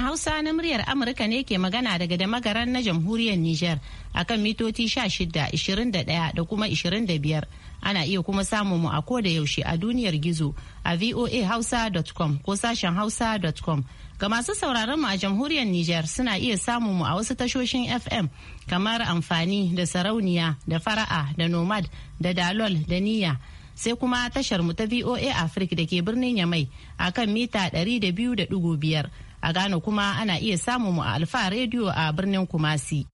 Hausa na muryar Amurka ne ke magana daga da magaran na jamhuriyar Nijar akan mitoci 16, 21 da kuma 25. Ana iya kuma samun mu a ko da yaushe a duniyar gizo a voahausa.com ko sashen hausa.com. Ga masu sauraron mu a jamhuriyar Nijar suna iya samun mu a wasu tashoshin FM kamar amfani da sarauniya da fara'a da nomad da dalol da niyya. sai kuma tashar mu ta VOA Africa da ke birnin Yamai akan mita 200.5. A Ghana kuma ana iya samun mu a Alfa Radio a birnin Kumasi.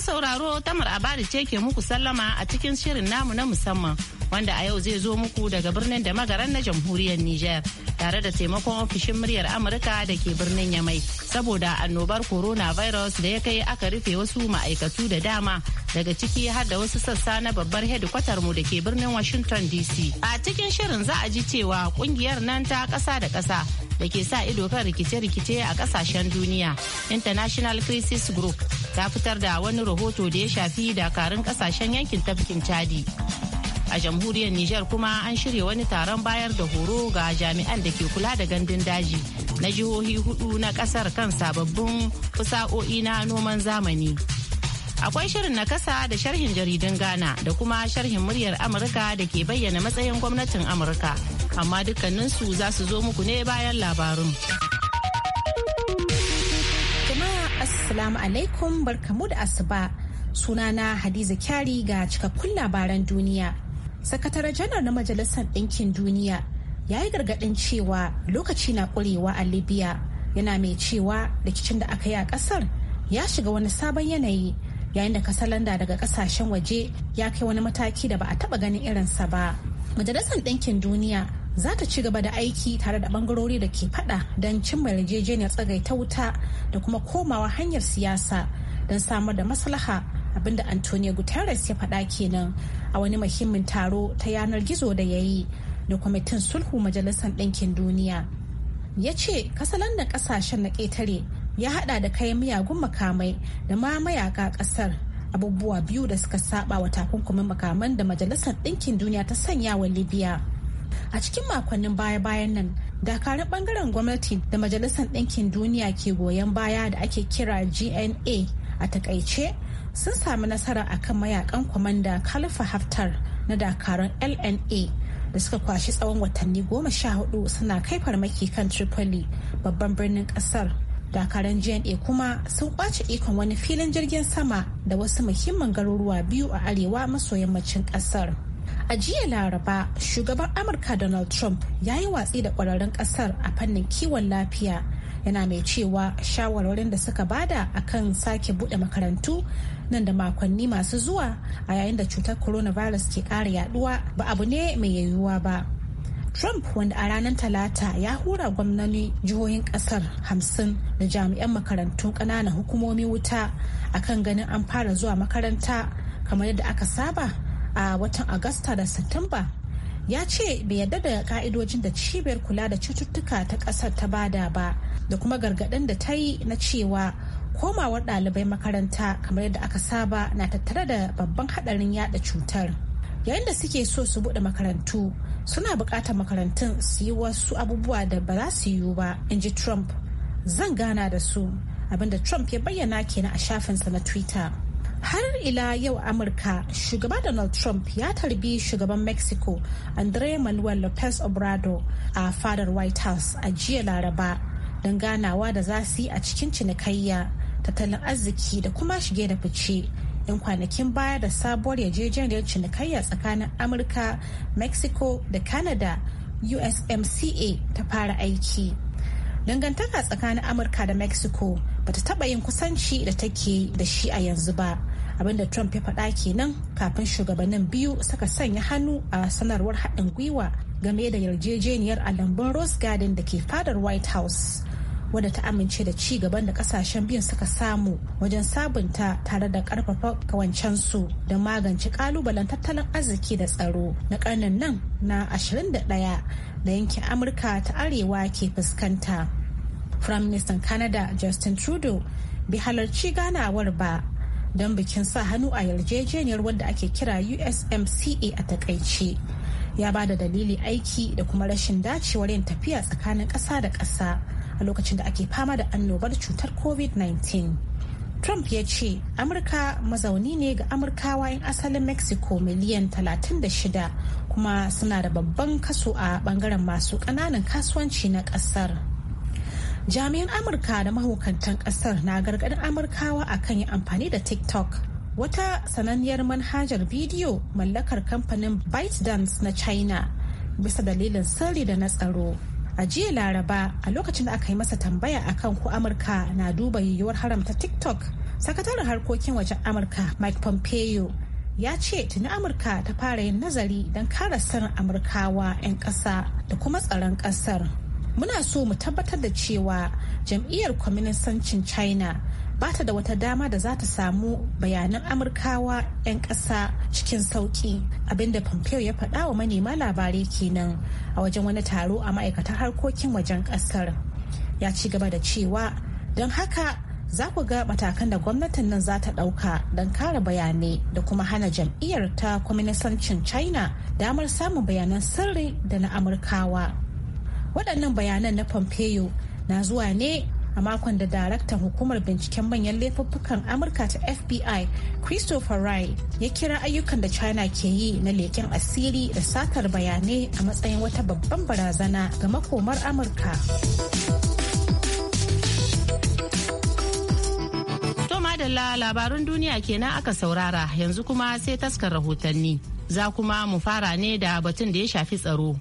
sauraro tamar abari ce ke muku sallama a cikin shirin namu na musamman wanda a yau zai zo muku daga birnin da magaran na jamhuriyar Nijar. tare da taimakon ofishin muryar Amurka da ke birnin Yamai saboda annobar coronavirus da ya kai aka rufe wasu ma'aikatu da dama daga ciki har da wasu sassa na babbar hedikwatar mu da ke birnin Washington DC. A cikin shirin za a ji cewa kungiyar nan ta kasa da kasa da ke sa ido kan rikice-rikice a kasashen duniya International Crisis Group ta fitar da wani rahoto da ya shafi dakarun kasashen yankin tafkin Chadi. a jamhuriyar Nijar kuma an shirya wani taron bayar da horo ga jami'an da ke kula da gandun daji na jihohi hudu na kasar kan sababbin fusa'o'i na noman zamani. Akwai shirin na kasa da sharhin jaridun Ghana da kuma sharhin muryar Amurka da ke bayyana matsayin gwamnatin Amurka, amma dukkaninsu za su zo muku ne bayan labarun. Jama'a Assalamu alaikum barkamu da asuba sunana Hadiza Kyari ga cikakkun labaran duniya. sakatare janar na majalisar ɗinkin duniya ya yi gargaɗin cewa lokaci na ƙurewa a libya yana mai cewa rikicin da aka yi a ƙasar ya shiga wani sabon yanayi yayin da kasalanda daga ƙasashen waje ya kai wani mataki da ba a taɓa ganin irinsa ba majalisar ɗinkin duniya za ta ci gaba da aiki tare da ɓangarori da ke faɗa don cimma yarjejeniyar tsagaita wuta da kuma komawa hanyar siyasa don samar da maslaha abinda antonio guterres ya faɗa kenan a wani muhimmin taro ta yanar gizo da ya yi da kwamitin sulhu majalisar ɗinkin duniya ya ce da ƙasashen na ƙetare ya haɗa da kayan miyagun makamai da ma mayaka ƙasar abubuwa biyu da suka saba wa takunkumin makaman da majalisar ɗinkin duniya ta sanya wa libya a cikin makonnin baya-bayan nan dakarun bangaren gwamnati da majalisar ɗinkin duniya ke goyon baya da ake kira gna a takaice sun sami nasara a kan mayakan kwamanda khalifa haftar na dakarun lna da suka kwashi tsawon watanni goma sha hudu suna kai farmaki kan tripoli babban birnin kasar dakaran jna kuma sun kwace ikon wani filin jirgin sama da wasu muhimman garuruwa biyu a arewa maso yammacin kasar a jiya laraba shugaban amurka donald trump ya yi watsi da kwararrun kasar a fannin kiwon lafiya yana mai cewa shawarwarin da suka bada akan sake bude makarantu nan da makonni masu zuwa a yayin da cutar coronavirus ke ƙara yaduwa ba abu ne mai yayuwa ba Trump wanda a ranar Talata ya hura gwamnani jihohin kasar hamsin da jami'an makarantu ƙananan hukumomi wuta akan ganin an fara zuwa makaranta kamar yadda aka saba a watan Agusta da Satumba. Ya ce bai yarda da ka'idojin da cibiyar kula da cututtuka ta kasar ta bada ba da kuma gargaɗin da ta yi na cewa komawar dalibai makaranta kamar yadda aka saba na tattare da babban hadarin yada cutar yayin da suke so su buɗe makarantu suna buƙatar makarantun su yi wasu abubuwa da ba za su yiwu ba in ji trump zan gana da su abinda trump ya bayyana kenan a shafinsa na twitter har ila yau amurka shugaba donald trump ya tarbi shugaban mexico andre manuel lopez obrador a fadar white house a jiya laraba don ganawa da za su yi a cikin cinikayya tattalin arziki da kuma shige da fice yan kwanakin baya da sabuwar yarjejeniyar cinikayya tsakanin amurka mexico da canada usmca ta fara aiki dangantaka tsakanin amurka da mexico bata taba yin kusanci da take da shi a yanzu ba abinda trump ya faɗa kenan kafin shugabannin biyu suka sanya hannu a sanarwar haɗin gwiwa game da yarjejeniyar a lambun rose garden da ke fadar white house wadda ta amince da ci gaban da kasashen biyun suka samu wajen sabunta tare da karfafa kawancensu da magance kalubalen tattalin arziki da tsaro na karnin nan na 21 da yankin amurka ta arewa ke fuskanta firaministan canada justin trudeau bai halarci ganawar ba don bikin sa hannu a yarjejeniyar wadda ake kira usmca a takaice ya ba da dalili aiki da kuma rashin dacewar yin tafiya tsakanin ƙasa da ƙasa a lokacin da ake fama da annobar cutar covid-19 trump ya ce amurka mazauni ne ga amurkawa 'yan asalin mexico miliyan 36 kuma suna da babban kaso a bangaren masu kananan kasuwanci na kasar. jami'an amurka da mahukantan kasar na gargadin amurkawa akan yi amfani da tiktok wata sananniyar manhajar bidiyo mallakar kamfanin ByteDance na China bisa dalilin sirri da na tsaro. a jiya laraba a lokacin da aka yi masa tambaya akan ko amurka na duba yiwuwar haramta tiktok sakataren harkokin wajen amurka mike pompeo ya ce tuni amurka ta fara yin nazari don kara san amurkawa 'yan ƙasa da kuma tsaron ƙasar muna so mu tabbatar da cewa jam'iyyar kwaminisancin china ba ta da wata dama da za ta samu bayanan amurkawa 'yan ƙasa cikin sauƙi abinda pompeo ya faɗa wa manema labarai kenan a wajen wani taro a ma'aikatan harkokin wajen ƙasar ya ci gaba da cewa don haka za ku ga matakan da gwamnatin nan za ta ɗauka don kare bayanai da kuma hana jam'iyyar ta kwaminisancin china damar samun bayanan sirri da na amurkawa waɗannan bayanan na pompeo na zuwa ne a makon da daraktan hukumar binciken manyan laifuffukan amurka ta fbi christopher rye ya kira ayyukan da china ke yi na leken asiri da satar bayanai a matsayin wata babban barazana ga makomar amurka madalla labarun duniya kenan aka saurara yanzu kuma sai taskar rahotanni za kuma mu fara ne da batun da ya shafi tsaro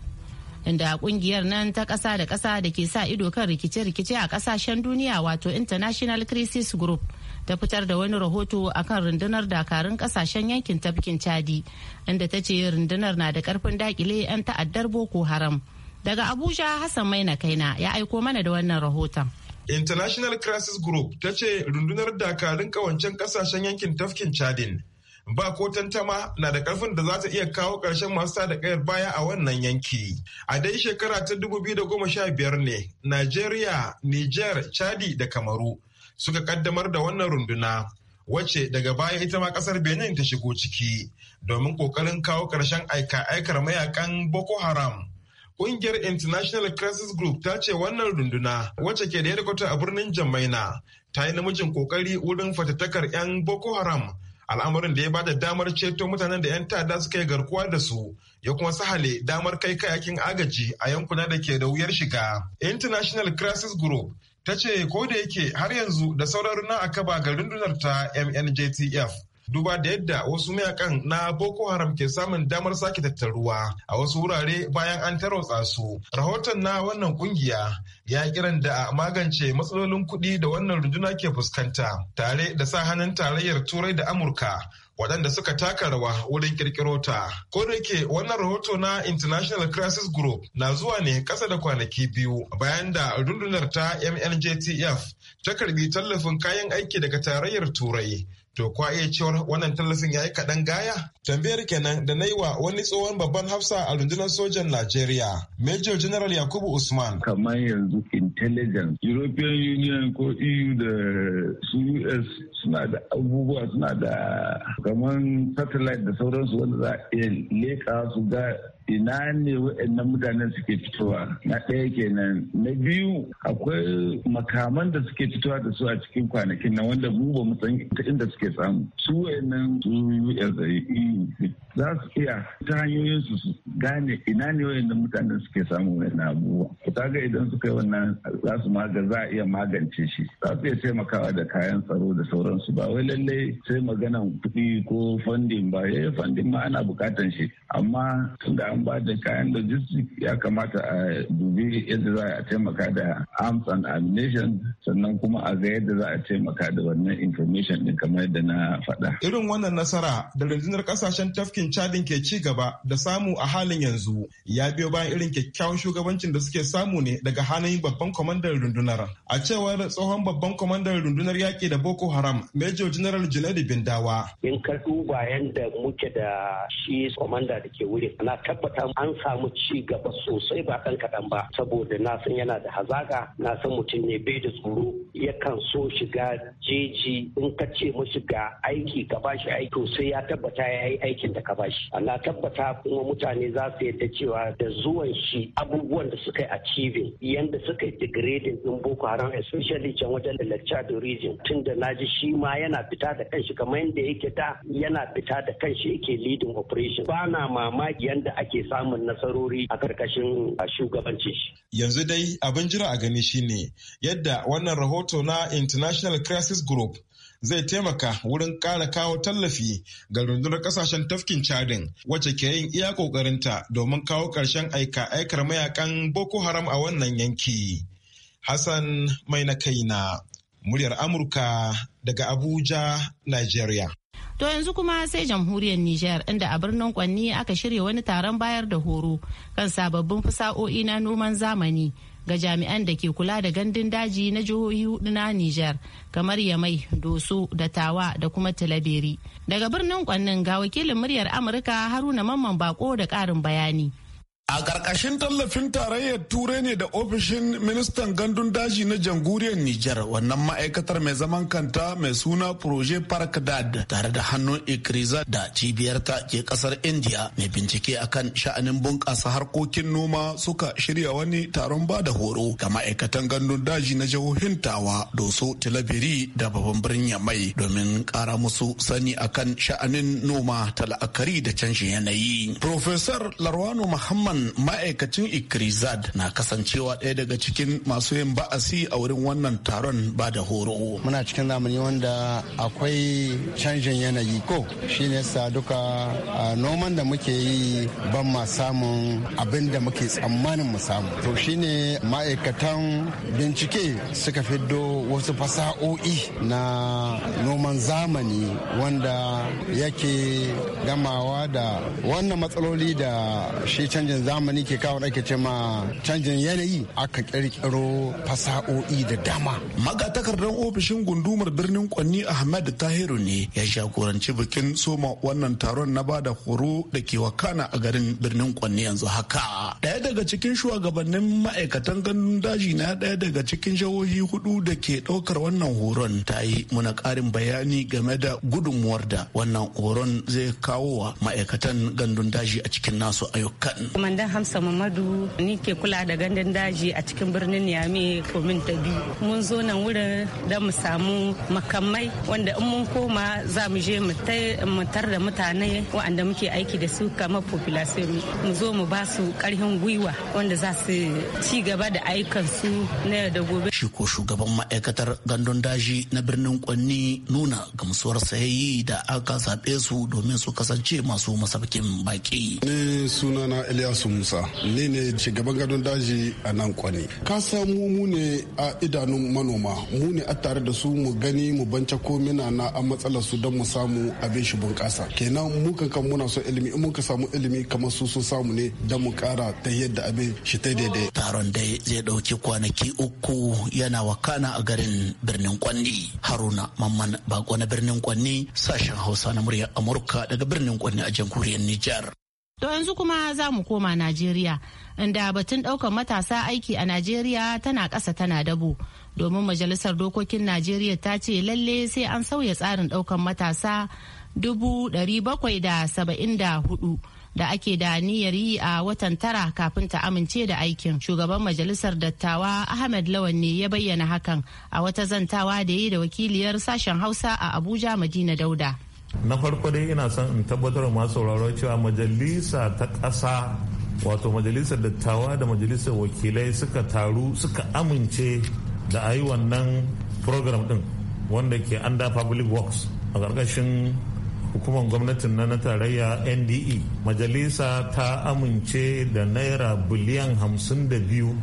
inda kungiyar nan ta kasa da kasa da ke sa ido kan rikice-rikice a kasashen duniya wato international crisis group ta fitar da wani rahoto akan rundunar dakarun kasashen yankin tafkin chadi inda ta ce rundunar na da karfin dakile 'yan ta'addar boko haram daga abuja hassan mai maina kaina ya aiko mana da wannan rahoton international crisis group ta ce rundunar dakarun kawancen kasashen yankin tafkin chadin ba ko tantama na da karfin da za ta iya kawo ƙarshen masu sada kayar baya a wannan yanki. A dai shekara ta 2015 ne, Najeriya, Niger, Chadi da Kamaru suka kaddamar da wannan runduna. Wace daga baya ita ma ƙasar benin ta shigo ciki domin ƙoƙarin kawo karshen aika-aikar mayakan boko haram Ƙungiyar international crisis group ta ce wannan runduna wacce ke da yadda a birnin jamaina ta yi namijin kokari wurin fatattakar 'yan boko haram al'amarin da ya bada damar ceto mutanen da 'yan ta'adda suka yi garkuwa da su ya kuma sahale damar kai kayakin agaji a yankuna da ke da wuyar shiga international crisis group ta ce ko da yake har yanzu da sauran runa a kaba ga rundunar ta mnjtf duba da yadda wasu mayakan na Boko Haram ke samun damar sake tattaruwa a wasu wurare bayan an tarotsa su. Rahoton na wannan kungiya ya kiran da a magance matsalolin kuɗi da wannan runduna ke fuskanta tare da sa hannun tarayyar Turai da Amurka waɗanda suka taka rawa wurin kirkiro ta. Ko da yake wannan rahoto na International Crisis Group na zuwa ne ƙasa da kwanaki biyu bayan da rundunar ta MNJTF ta karbi tallafin kayan aiki daga tarayyar Turai To kwa iya cewar wannan tallafin ya yi kaɗan gaya? Tambayar kenan da na yi wa wani tsohon babban hafsa a rundunar sojan Najeriya, Major General Yakubu Usman. Kamar yanzu intelligence, European Union ko EU da US suna da abubuwa suna da kamar satellite da sauransu wanda za a iya leka su ga ina ne waɗannan mutanen suke fitowa na ɗaya kenan na biyu akwai makaman da suke fitowa da su a cikin kwanakin nan wanda mu ba mu san ta inda suke samu su waɗannan su yi e za su iya ta hanyoyin su gane ina ne waɗannan mutanen suke samu waɗannan abubuwa ga idan suka yi wannan za su maga za a iya magance shi za su iya taimakawa da kayan tsaro da sauransu ba wai lallai sai maganan kuɗi ko fandin ba yayin eh, fandin ma ana bukatan shi amma tunda an ba da kayan logistic ya kamata a dubi yadda za a taimaka da arms and ammunition sannan kuma a ga yadda za a taimaka da wannan information din kamar da na faɗa. Irin wannan nasara da rundunar kasashen tafkin cadin ke ci gaba da samu a halin yanzu ya biyo bayan irin kyakkyawan shugabancin da suke samu ne daga hannun babban kwamandan rundunar. A cewar tsohon babban kwamandan rundunar yaƙi da Boko Haram Major General Junaidu Bindawa. In ka duba yadda muke da shi kwamanda da ke wuri ana tabbata tabbata an samu ci gaba sosai ba ɗan kaɗan ba saboda na san yana da hazaka na san mutum ne bai da tsoro yakan so shiga jeji in ka ce mashi ga aiki ka bashi aiki sai ya tabbata ya yi aikin da ka shi na tabbata kuma mutane za su yadda cewa da zuwan shi abubuwan da suka yi achieving yanda suka yi degrading din boko haram especially can wajen da lecture region tun da naji shi ma yana fita da kanshi kamar yadda yake da yana fita da kanshi yake leading operation ba na mamaki yanda ake ke samun nasarori a karkashin shugabanci. Yanzu dai abin jira a gani shine yadda wannan rahoto na International Crisis Group zai taimaka wurin ƙara kawo tallafi ga rundunar ƙasashen tafkin cadin wacce ke yin iya ƙoƙarinta domin kawo ƙarshen aika aikar mayakan boko haram a wannan yanki hassan mai na kaina muryar amurka daga abuja nigeria To yanzu kuma sai jamhuriyar Nijar inda a birnin Kwanni aka shirya wani taron bayar da horo kan sababbin fasa'o'i na noman zamani ga jami'an da ke kula da gandun daji na jihohi hudu na Nijar kamar Yamai, Doso da Tawa da kuma Talaberi. Daga birnin Kwannin ga wakilin muryar Amurka Haruna Mamman Bako da ƙarin bayani. A ƙarƙashin tallafin tarayyar Turai ne da ofishin ministan gandun daji na jamhuriyar Nijar wannan ma'aikatar mai zaman kanta mai suna Proje Park Dad tare da hannun Ikriza da cibiyarta ke ƙasar India mai bincike akan sha'anin bunƙasa harkokin noma suka shirya wani taron ba da horo ga ma'aikatan gandun daji na jihohin Tawa, Doso, Tilabiri da babban birnin Yamai domin ƙara musu sani akan sha'anin noma ta la'akari da canjin yanayi. Profesor Larwano Muhammad ma'aikacin Ikrizad na kasancewa ɗaya daga cikin masu yin ba'asi a wurin wannan taron ba da horo. Muna cikin zamani wanda akwai canjin yanayi ko shi ne sa duka noman da muke yi ban ma samun abin da muke tsammanin mu samu. To shi ne ma'aikatan bincike suka fiddo wasu fasa'o'i na noman zamani wanda yake gamawa da wannan matsaloli da shi canjin zamani ke kawo ake ce ma canjin yanayi aka kirkiro fasa'o'i da dama. Magatakardar ofishin gundumar birnin Kwanni Ahmad Tahiru ne ya jagoranci bikin soma wannan taron na bada horo da ke wakana a garin birnin Kwanni yanzu haka. Daya daga cikin shugabannin ma'aikatan gandun daji na daya daga cikin jihohi hudu da ke daukar wannan horon ta yi muna ƙarin bayani game da gudunmuwar da wannan horon zai kawo wa ma'aikatan gandun daji a cikin nasu ayyukan. gandun Hamsa Mamadu ni ke kula da gandun daji a cikin birnin Niamey komin ta biyu. Mun zo nan wurin da mu samu makamai wanda in mun koma za mu je mu tar da mutane waanda muke aiki da su kamar population mu zo mu ba su karhin gwiwa wanda za su ci gaba da su na yau da gobe. Shi ko shugaban ma'aikatar gandun daji na birnin Kwanni nuna gamsuwar sayayi da aka zaɓe su domin su kasance masu masabkin baki. ne sunana Ilyasu musa ni ne shugaban gadon daji a nan kwani ka samu mu ne a idanun manoma mu ne a tare da su mu gani mu bance komina na a matsalar su don mu samu abin shi bunƙasa kenan mu kan muna so ilimi in muka samu ilimi kamar su sun samu ne don mu kara ta yadda abin shi ta daidai taron dai zai ɗauki kwanaki uku yana wakana a garin birnin kwanni haruna mamman bako na birnin kwanni sashen hausa na murya amurka daga birnin kwanni a jamhuriyar nijar To yanzu kuma za mu koma Najeriya, inda batun ɗaukar matasa aiki a Najeriya tana ƙasa tana dabo. Domin Majalisar Dokokin Najeriya ta ce lalle sai an sauya tsarin ɗaukar matasa dubu ɗari bakwai da saba'in da hudu. da ake da niyyar yi a watan tara kafin ta amince da aikin shugaban majalisar dattawa ahmed lawan ne ya bayyana hakan a wata zantawa da yi da wakiliyar sashen hausa a abuja madina dauda na farko dai ina son in tabbatar masu sauraro cewa majalisa ta ƙasa wato majalisar dattawa da majalisar wakilai suka taru suka amince da a yi wannan program din wanda ke under public works a ƙarƙashin hukumar gwamnatin na tarayya nde majalisa ta amince da naira biliyan 52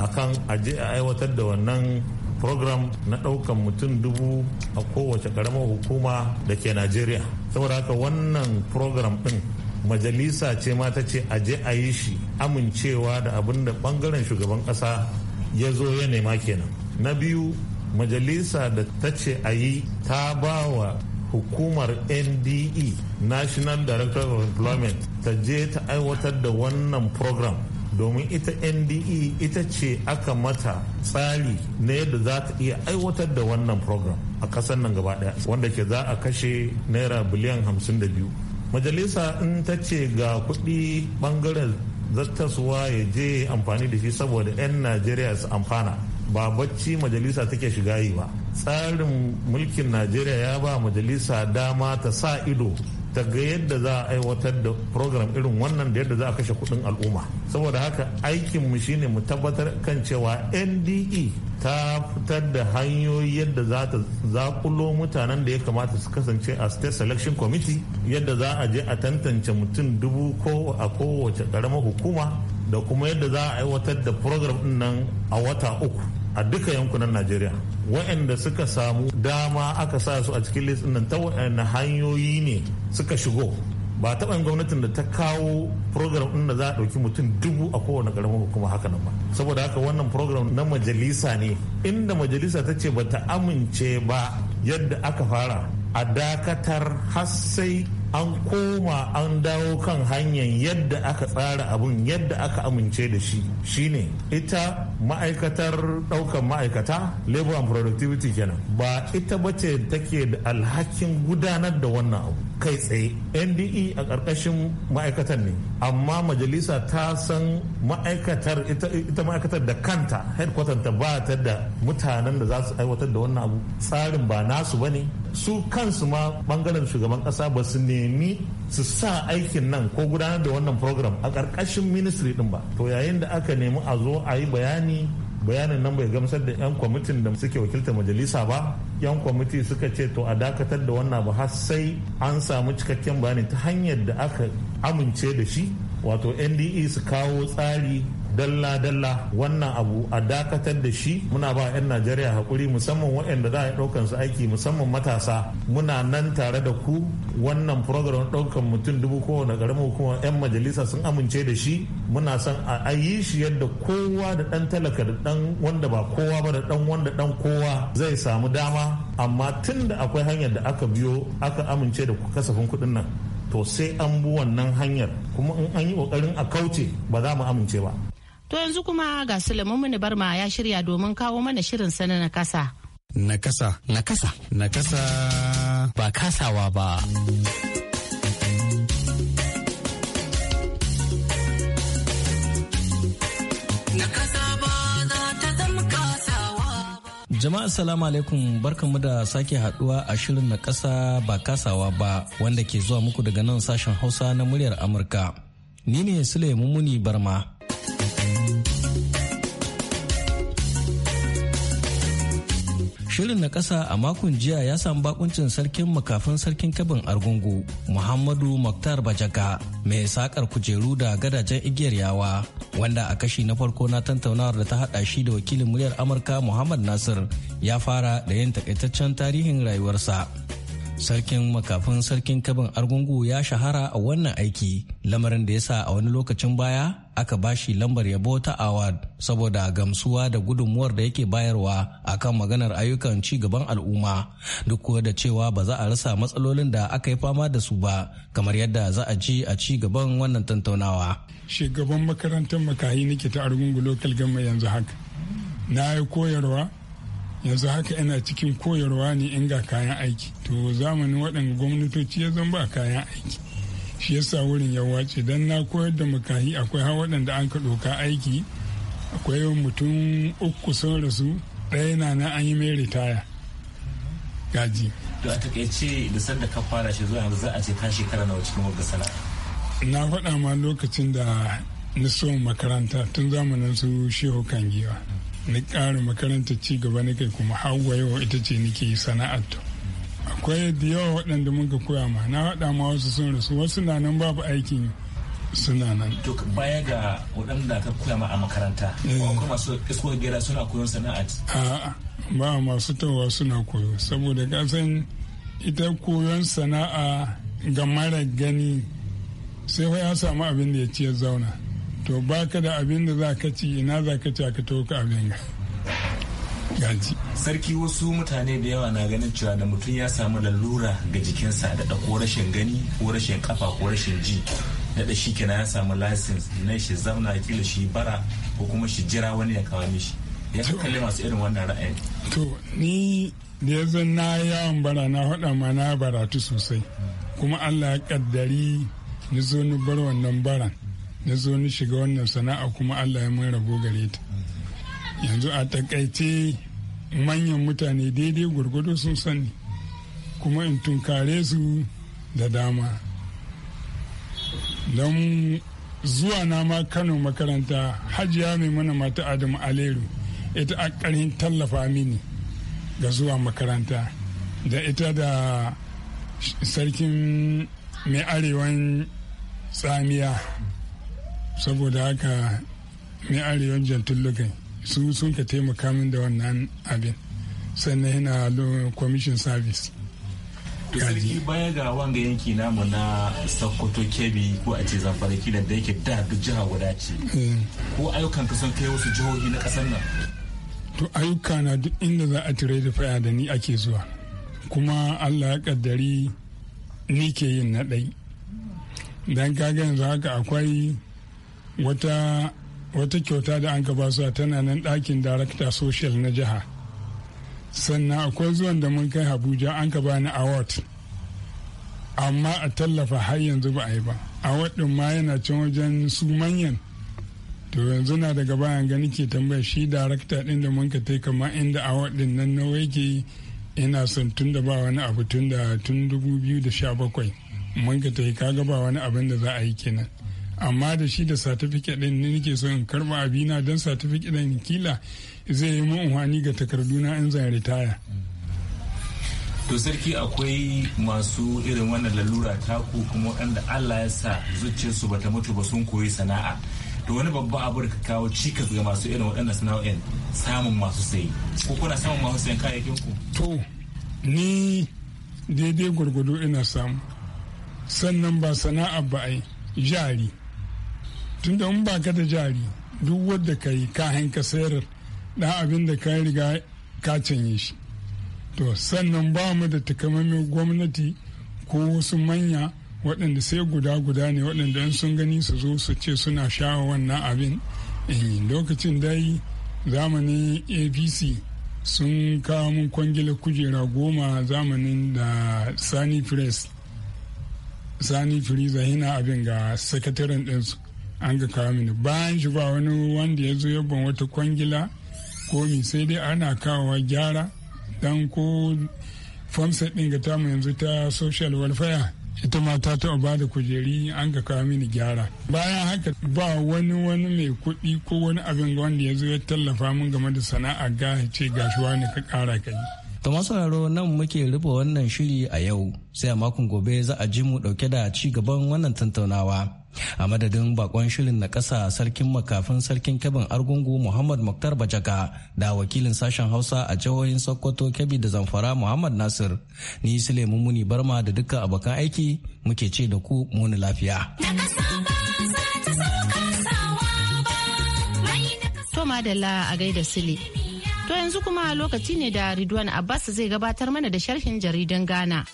akan aje a aiwatar da wannan program na ɗaukan mutum dubu a kowace ƙaramar hukuma da ke najeriya saboda haka wannan program ɗin majalisa ce ma ta ce a je a yi shi amincewa da abin da ɓangaren shugaban ƙasa ya zo ya nema kenan na biyu majalisa da ta ce a yi ta ba wa hukumar nde national director of employment ta je ta aiwatar da wannan program domin ita nde ita ce aka mata tsari na yadda za ta iya aiwatar da wannan program a kasar nan gaba daya wanda ke za a kashe naira biliyan 52 majalisa in ta ce ga kuɗi bangaren zattaswa ya je amfani da shi saboda 'yan najeriya su amfana ba bacci majalisa take shiga yi ba tsarin mulkin najeriya ya ba majalisa dama ta sa ido ta ga yadda za a aiwatar da program irin wannan da yadda za a kashe kudin al'umma saboda haka aikinmu shine mu tabbatar kan cewa nde ta fitar da hanyoyi yadda za ta zakulo mutanen da ya kamata su kasance a state selection committee yadda za a je a tantance mutum dubu ko a kowace karamar hukuma da kuma yadda za a aiwatar da program nan a wata uku a duka yankunan najeriya waɗanda suka samu dama aka sa su a cikin listin nan ta waɗanda hanyoyi ne suka shigo ba taɓa yin gwamnatin da ta kawo program ɗin da za a ɗauki mutum dubu a kowane ƙaramin hukuma haka nan ba saboda haka wannan program na majalisa ne inda majalisa ta ce ba ta amince ba yadda aka fara a dakatar har sai an koma an dawo kan hanyar yadda aka tsara abun yadda aka amince da shi shine ita ma'aikatar ɗaukar ma'aikata labor and productivity kenan ba ita bace take da alhakin gudanar da wannan abu kai tsaye nde a ƙarƙashin ma'aikatan ne amma majalisa ta san ma'aikatar ita ma'aikatar da kanta headquarter ta ba ta da mutanen da za su aiwatar da wannan abu tsarin ba nasu ba ne su kansu ma bangaren shugaban ƙasa ba su nemi su sa aikin nan ko gudanar da wannan program a ƙarƙashin ministry din ba to yayin da aka nemi a zo a yi bayani bayanin nan bai gamsar da 'yan kwamitin da suke wakiltar majalisa ba 'yan kwamiti suka ce to a dakatar da wannan ba har sai an samu cikakken bayani ta hanyar da aka amince da shi wato nde su kawo tsari dalla-dalla wannan abu a dakatar da shi muna ba 'yan najeriya haƙuri musamman waɗanda za a ɗaukan su aiki musamman matasa muna nan tare da ku wannan program ɗaukan mutum dubu kowane ƙaramin hukumar 'yan majalisa sun amince da shi muna son a yi shi yadda kowa da ɗan talaka da ɗan wanda ba kowa ba da ɗan wanda ɗan kowa zai samu dama amma tun da akwai hanyar da aka biyo aka amince da kasafin kuɗin nan to sai an bi wannan hanyar kuma in an yi kokarin a kauce ba za mu amince ba To yanzu kuma ga Sulaiman Barma ya shirya domin kawo mana shirin sana na kasa. Na kasa. Na kasa. Na kasa. Ba kasawa ba. Jama'a salamu alaikum barkanmu da sake haduwa a shirin na kasa ba kasawa ba wanda ke zuwa muku daga nan sashen Hausa na muryar Amurka. Ni ne Sule Muni Barma. Shirin na ƙasa a makon jiya ya samu bakuncin sarkin makafin sarkin kabin argungu Muhammadu Maktar Bajaga mai sakar kujeru da gadajen igiyar yawa wanda a kashi na farko na tantaunawar da ta hada shi da wakilin muryar Amurka Muhammad Nasir ya fara da yin takaitaccen tarihin rayuwarsa. Sarkin makafin sarkin kabin argungu ya shahara a wannan aiki lamarin da ya sa a wani lokacin baya aka bashi lambar yabo ta award saboda gamsuwa da gudunmuwar da yake bayarwa akan maganar ayyukan ci gaban al'umma duk da cewa ba za a rasa matsalolin da aka yi fama da su ba kamar yadda za a ji a ci gaban wannan tantaunawa. Shugaban makarantar makahi nake ta argungu lokal gama yanzu haka. Na yi koyarwa yanzu haka yana cikin koyarwa ne in ga kayan aiki to zamanin waɗanda gwamnatoci ya zan ba kayan aiki shi yasa wurin ya wace don na koyar da makahi akwai har waɗanda an ka ɗoka aiki akwai mutum uku sun rasu ɗaya na na an yi mai ritaya gaji to a takaice da sanda ka fara shi zuwa yanzu a ce ka shekara nawa cikin wadda sana'a na faɗa ma lokacin da na so makaranta tun zamanin su shehu kan giwa ni ƙara makaranta ci gaba nake kuma hawa yau ita ce nake sana'ar ta akwai da yawa waɗanda muka koya ma na haɗa ma wasu sun rasu wasu na nan babu aikin suna nan to baya ga waɗanda ka koya ma a makaranta eh. ko masu isko gera suna koyon sana'ar a'a ba masu tawa suna koyo saboda kasan ita koyon sana'a ga mara gani sai ya samu abin da ya ci ya zauna to baka da abin da za ka ci ina za ka ci aka toka abin gaji sarki wasu mutane da yawa na ganin cewa da mutum ya samu lalura ga jikinsa da ko rashin gani ko rashin kafa ko rashin ji da shi kenan ya samu license na shi zamna kila shi bara ko kuma shi jira wani ya kawo mishi ya kalli masu irin wannan ra'ayin to ni da ya zan na yawon bara na haɗa ma na baratu sosai kuma allah ya kaddari ni zo ni bar wannan baran na zo ni shiga wannan sana'a kuma allah ya mun rabo gare ta yanzu a takaice manyan mutane daidai gwargwado sun sani kuma in tunkare su da dama don zuwa na ma kano makaranta hajiya mai mana mata adamu aleru ita a tallafa mini ga zuwa makaranta da ita da sarkin mai arewan tsamiya saboda haka ni arewan jantullukan su sun ka taimaka min da wannan abin sannan yana commission service to sarki baya ga wanga yanki namu na sokoto kebi ko a ce zamfara kilan da yake da duk jiha guda ce eh. ko ayyukan ka sun kai wasu jihohi na kasar nan to ayyuka na duk inda za a tire da faya da ni ake zuwa kuma allah ya kaddari ni ke yin na ɗai don kaga yanzu haka akwai wata wata kyauta da an gaba su tana nan ɗakin darakta social na jiha sannan akwai zuwan da mun kai abuja an ka bani award amma a tallafa har yanzu ba a yi ba award ɗin ma yana can wajen su manyan to yanzu na daga bayan gani ke tambaya shi darakta ɗin da mun ka tai kama inda award ɗin nan nawa yake ina son tun da ba wani abu tun da tun 2017 mun ka tai kaga ba wani abin da za a yi kenan amma da shi da satifiket ɗin ne nake so in karɓa abina don satifiket ɗin kila zai yi mun wani ga takarduna in zan ritaya. to sarki akwai masu irin wannan lalura taku kuma waɗanda allah ya sa zuciyarsu bata mutu ba sun koyi sana'a to wani babban abu da ka kawo cikas ga masu irin waɗannan sana'o'in samun masu sayi ko kuna samun masu sayan kayayyakin ku to ni daidai gwargwado ina samu sannan ba sana'a ba ai jari tun da ba ka da jari duk wadda ka yi kayan ka sayar da abin da ka riga ka canye shi to sannan ba mu da takamaimin gwamnati ko wasu manya waɗanda sai guda guda ne waɗanda in sun gani su zo su ce suna shawo wannan abin eh, lokacin dai zamanin apc sun kawo mun kwangila kujera goma zamanin da sani press sani abin ga sakataren ɗinsu an ga kawo mini bayan shi ba wani wanda ya zo ya ban wata kwangila komi sai dai ana kawowa gyara dan ko famsa ɗin ga tamu yanzu ta social welfare ita ma ta taɓa ba da kujeri an ga kawo mini gyara bayan haka ba wani wani mai kuɗi ko wani abin wanda ya zo ya tallafa mun game da sana'a ga ce gashi wani ka ƙara ka yi To sauraro nan muke rufe wannan shiri a yau sai a makon gobe za a ji mu ɗauke da ci gaban wannan tattaunawa. a madadin bakon shirin na ƙasa sarkin makafin sarkin kebin argungu muhammad muktar bajaka da wakilin sashen hausa a jihohin sokoto kebbi da zamfara muhammad nasir ni sulaimu muni barma da duka abokan aiki muke ce da ku muni lafiya to a gaida sile to yanzu kuma lokaci ne da ridwan abbas zai gabatar mana da sharhin jaridan ghana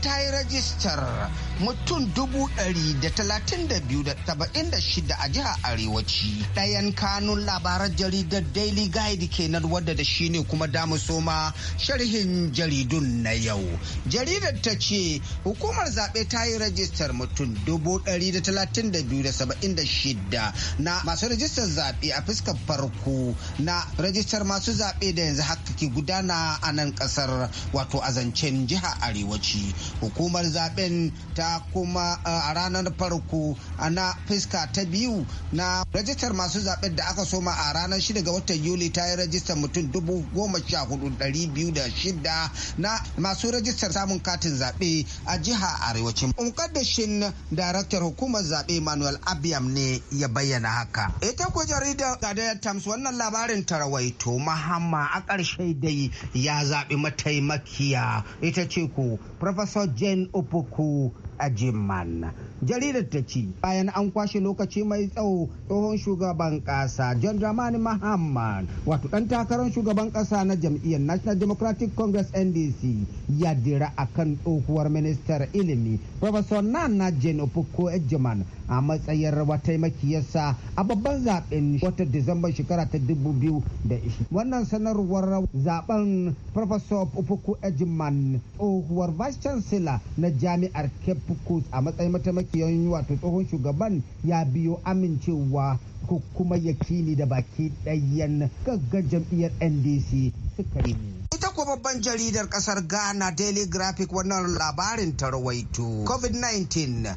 ta register. mutum dubu ɗari da talatin da biyu da saba'in da shida a jihar arewaci ɗayan kanun labaran jaridar daily guide kenan wadda da shi ne kuma damu soma sharhin jaridun na yau jaridar ta ce hukumar zaɓe ta yi rajistar mutum dubu ɗari da talatin da biyu da saba'in da shida na masu rajistar zaɓe a fuskar farko na rajistar masu zaɓe da yanzu haka ke gudana a nan ƙasar wato azancen zancen jihar arewaci hukumar zaɓen ta kuma eh, a ranar farko na fiska ta biyu na rajistar masu zaɓe da aka soma a ranar 6 ga watan yuli ta yi rajistar mutum dubu goma sha hudu dari biyu da shida na masu rajistar samun katin zaɓe a jiha arewacin mukaddashin daraktar hukumar zaɓe manuel abiyam ne ya bayyana haka ita ko jaridar gadayar times wannan labarin ta rawaito mahamma a ƙarshe dai ya zaɓi mataimakiya ita ce ku professor jane opoku ajiman jaridar ta ci bayan an kwashe lokaci mai tsawo tsohon shugaban kasa john dramani mahamman wato dan takarar shugaban kasa na jam'iyyar national democratic congress ndc ya dira kan tsohuwar ministar ilimi professor nana jane opoko ejiman a matsayin mataimakiyarsa a babban zaben watan disamban shekara ta dubu biyu da ishi wannan sanarwar zaben professor opoko ejiman tsohuwar vice chancellor na jami'ar cape Kuz a matsayin mataimakiyan wato tsohon shugaban ya biyo amincewa ko kuma yakini da baki ɗayan gaggan jam'iyyar NDC suka yi. ita kuwa babban jaridar ƙasar ghana daily graphic wannan labarin ta rawaito covid-19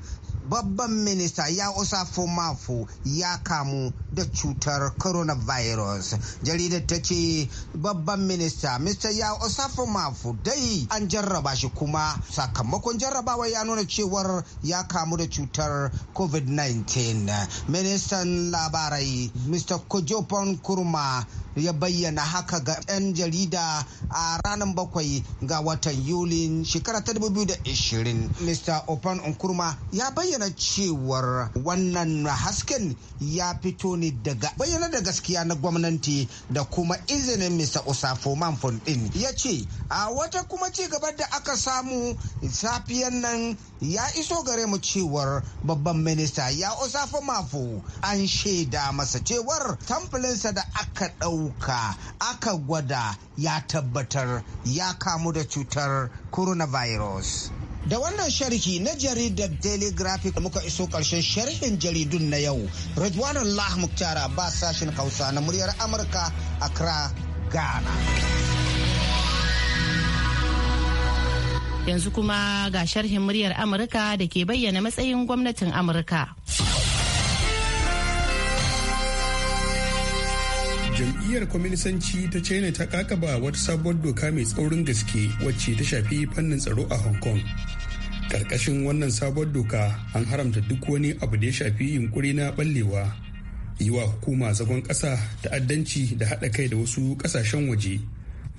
babban minista ya osafo mafo ya kamu da cutar coronavirus jaridar ta ce babban minista mr ya osafo mafo dai an jarraba shi kuma sakamakon jarrabawa ya nuna cewar ya kamu da cutar covid-19 ministan labarai mr kojopon kurma ya bayyana haka ga 'yan jarida a ranar bakwai ga watan yulin shekara ta 2020 mr opan Kurma ya bayyana bayyana cewar wannan hasken ya fito ne daga bayyana da gaskiya na gwamnati da kuma izinin Mr. Osafo Manfon din ya ce a wata kuma ci gaba da aka samu safiyan nan ya iso gare mu cewar babban minista ya Osafo Mafo an shaida masa cewar tamfilinsa da aka ɗauka aka gwada ya tabbatar ya kamu da cutar coronavirus. Da wannan sharhi na jaridar Daily Graphic muka iso ƙarshen sharhin jaridun na yau. Ridwan Allah Muktara ba sashen Hausa na muryar Amurka Accra, Ghana. Yanzu kuma ga sharhin muryar Amurka da ke bayyana matsayin gwamnatin Amurka. jam'iyyar kwaminisanci ta china ta kakaba wata sabuwar doka mai tsaurin gaske wacce ta shafi fannin tsaro a hong kong Karkashin wannan sabuwar doka an haramta duk wani abu da ya shafi yunkuri na ballewa, yi wa hukuma zagon ƙasa ta'addanci da haɗa kai da wasu ƙasashen waje.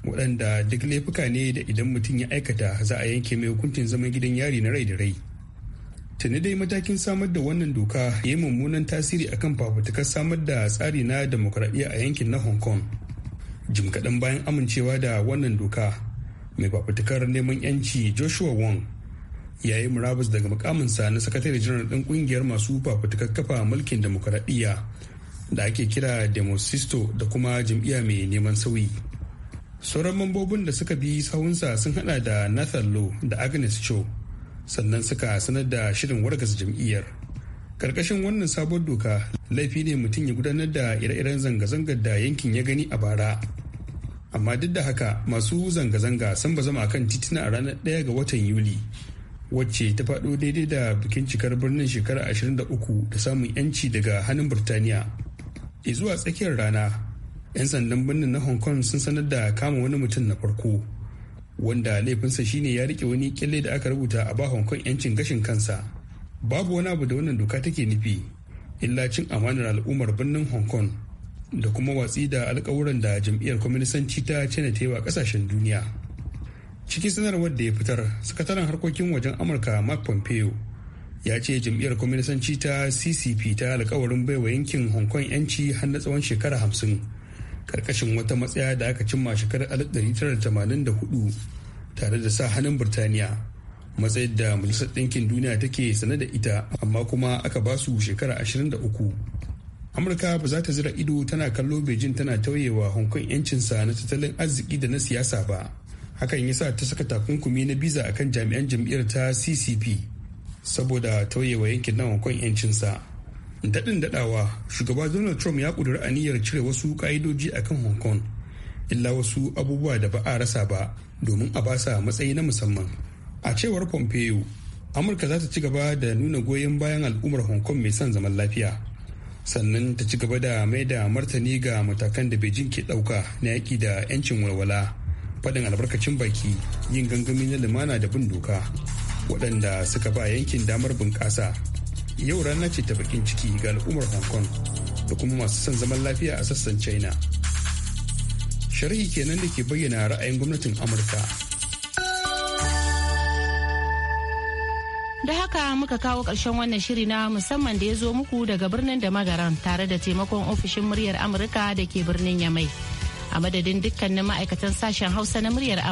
waɗanda duk laifuka ne da idan mutum ya aikata za a yanke mai hukuncin zaman gidan yari na rai da rai. Tuni dai matakin samar da wannan doka ya yi mummunan tasiri akan fafutukar samar da tsari na demokuraɗiyya a yankin na Hong Kong. Jim kaɗan bayan amincewa da wannan doka, mai fafutukar neman 'yanci Joshua Wong yayi murabus daga mukaminsa na sakatare janar ɗin ƙungiyar masu fafutukar mulkin demokuraɗiyya da ake kira demosisto da kuma jam'iyya mai neman sauyi sauran mambobin da suka bi sahunsa sun hada da nathan da agnes cho sannan suka sanar da shirin wargas jam'iyyar karkashin wannan sabon doka laifi ne mutum ya gudanar da ire-iren zanga-zangar da yankin ya gani a bara amma duk da haka masu zanga-zanga sun ba zama kan titina a ranar 1 ga watan yuli wacce ta faɗo daidai da bikin cikar birnin shekara 23 da samun yanci daga hannun burtaniya zuwa tsakiyar rana 'yan sandan birnin na hong kong sun sanar da kama wani mutum na farko wanda laifinsa shine ya rike wani kyalle da aka rubuta a ba hong kong yancin gashin kansa babu wani abu da wannan doka take nufi illa cin amanar al'ummar birnin hong kong da kuma watsi da alkawuran da jam'iyyar kwaminisanci ta cina ta yi wa kasashen duniya cikin sanarwar da ya fitar sakataren harkokin wajen amurka mark pompeo ya ce jam'iyyar kwaminisanci ta ccp ta alkawarin baiwa yankin hong kong yanci har na tsawon shekara hamsin karkashin wata matsaya da aka cimma shekarar 1984 tare da sa hannun birtaniya matsayin da majalisar ɗinkin duniya take sane da ita amma kuma aka ba su shekara 23 amurka ba za ta zira ido tana kallo beijing tana tauyewa hong kong yancinsa na tattalin arziki da na siyasa ba hakan ya sa ta saka takunkumi na biza kan jami'an jam'iyyar ta ccp saboda tauyewa yankin na hong yancinsa daɗin daɗawa shugaba donald trump ya ƙudiri aniyar cire wasu ƙa'idoji akan hong kong illa wasu abubuwa da ba a rasa ba domin a basa matsayi na musamman a cewar pompeo amurka za ta ci gaba da nuna goyon bayan al'ummar hong kong mai son zaman lafiya sannan ta ci gaba da mai da martani ga matakan da beijing ke ɗauka na yaƙi da 'yancin walwala faɗin albarkacin baki yin gangami na lumana da bin doka waɗanda suka ba yankin damar bunƙasa yau rana ce ta bakin ciki ga al'ummar hong kong da kuma masu son zaman lafiya a sassan china sharhi kenan da ke bayyana ra'ayin gwamnatin amurka da haka muka kawo ƙarshen wannan shiri na musamman da ya zo muku daga birnin da magaran tare da taimakon ofishin muryar amurka da ke birnin yamai a madadin dukkanin ma'aikatan sashen hausa na muryar